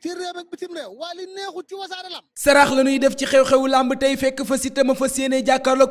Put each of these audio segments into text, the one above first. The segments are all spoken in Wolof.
ci réew ak bitim réew waa li sarax la def ci xew-xewu làmb tey fekk fa Siteu ma fas yéene jàkkaarloog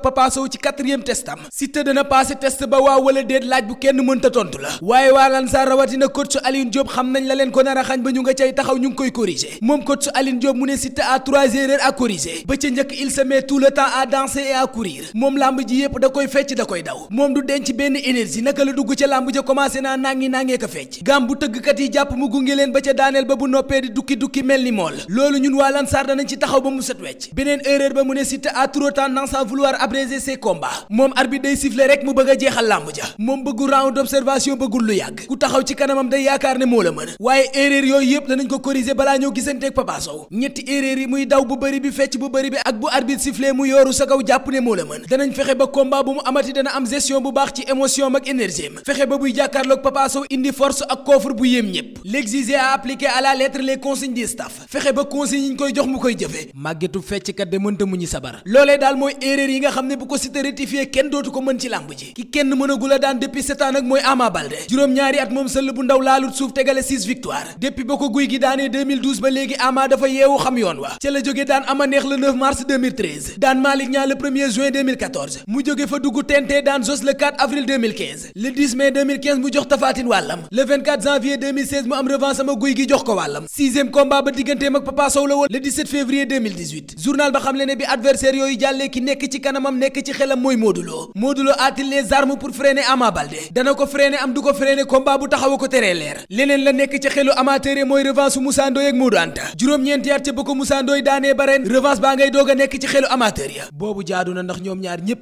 ci quatrième testam Siteu dana passé test ba waa wala déet laaj bu kenn mënta tontu la waaye waa Lansar rawatina coach Alioune Diop xam nañ la leen ko nar a ba ñu nga cay taxaw ñu ngi koy corriger moom coach Alioune Diop mu ne Siteu à trois erreurs à corriger ba ca njëkk il se met tout le temps à danser et à courir moom làmb ji yépp da koy fecc da koy daw moom du denc benn énergie naka la dugg ca làmb ja commencé naa nangi nangee ko fecc gàm bu tëggkat yi jàpp mu gunge leen ba ca daaneel ba bu noppee dukki dukki mel ni mool loolu ñun waa Lansar danañ ci taxaw ba mu set wecc beneen erreur ba mu ne Siteu a trop tendance à vouloir abréger ses moom arbitre day siffler rek mu bëgg a jeexal làmb ja moom bëggul round d'observation bëggul lu yàgg ku taxaw ci kanamam day yaakaar ne moo la mën waaye erreur yooyu yëpp danañ ko corriger balaa ñoo gisanteeg Papa Sow ñetti erreur yi muy daw bu bëri bi fecc bu bëri bi ak bu arbitre siffler mu yooru sa kaw jàpp ne moo la mën danañ consigne di staff fexe ba consigne yi ñu koy jox mu koy jëfee màggetu fecckat de mënta mu ñi sabar loolee daal mooy erreur yi nga xam ne bu ko Siteu kenn dootu ko mën ci làmb ji ki kenn mënagul daan depuis sept ans mooy Ama Baldé juróom-ñaari at moom sëll bu ndaw laalut suuf tegale victoire depuis ba ko guy gi daanee ba léegi Ama dafa yeewu xam yoon wa ca la jóge daan ama neex le mars daan Malick Niang le juin mu jóge fa dugg tentee dixième combat ba digganteem ak Papa la woon le février journal ba xamle ne bi adversaire yooyu jàllee ki nekk ci kanamam nekk ci xelam mooy Modou Lo Modou Lo pour freiner Ama Baldé dana ko freiner am du ko freiner combat bu taxaw ko teree leer leneen la nekk ci xelu amateur yi mooy revanche su ak Modou Anta juróom-ñeenti at ca ba ko Moussa daanee ba ren baa ngay doog a nekk ci xelu amateur ya boobu jaadu na ndax ñoom ñaar ñépp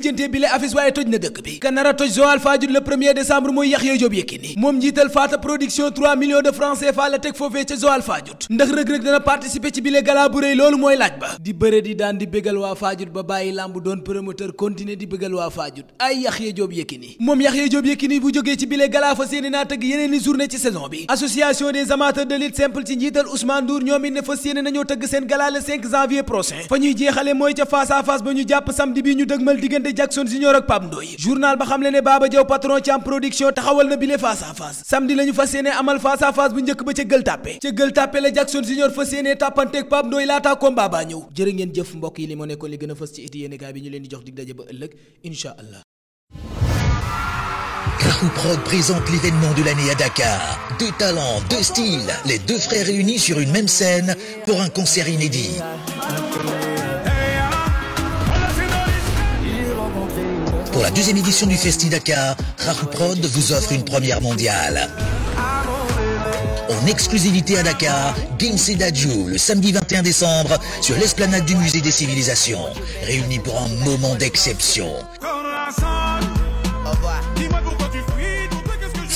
lijjantee bi waaye toj na dëkk bi ka toj Joal Fadiouth le premier décembre mooy Yaxya Jóob Yékini moom njiital Faata production 3 millions de francs CFA la teg foofee ca Joal Fadiouth ndax rëg-rëg dana participer ci bile gala bu rëy loolu mooy laaj ba di bëre di daan di bégal waa Fadiouth ba bàyyi làmb doon promoteur continuer di bégal waa Fadiouth ay Yaxya Jóob Yékini moom Yaxya Jóob Yékini bu jógee ci bile gala fa seeni naa tëgg yeneen diggante Jackson Junior ak Pape Ndoye journal ba xam ne Baba Diaw patron Thiam production taxawal na bile face à samedi la ñu fas yéene amal face à face bu njëkk ba ca Gueule Tapée ca Gueule Tapée la Jackson Junior fas yéene tàppanteeg Pape Ndoye laataa combat baa ñëw jërë ngeen jëf mbokk yi li nekkoon li gën a fës ci iti yéenekaay bi ñu leen di jox dig ba ëllëg incha allah pour la deuxième édition du Festi Dakar, Rahu Prod vous offre une première mondiale. En exclusivité à Dakar, Gims et le samedi décembre, sur l'esplanade du Musée des Civilisations, réunis pour un moment d'exception.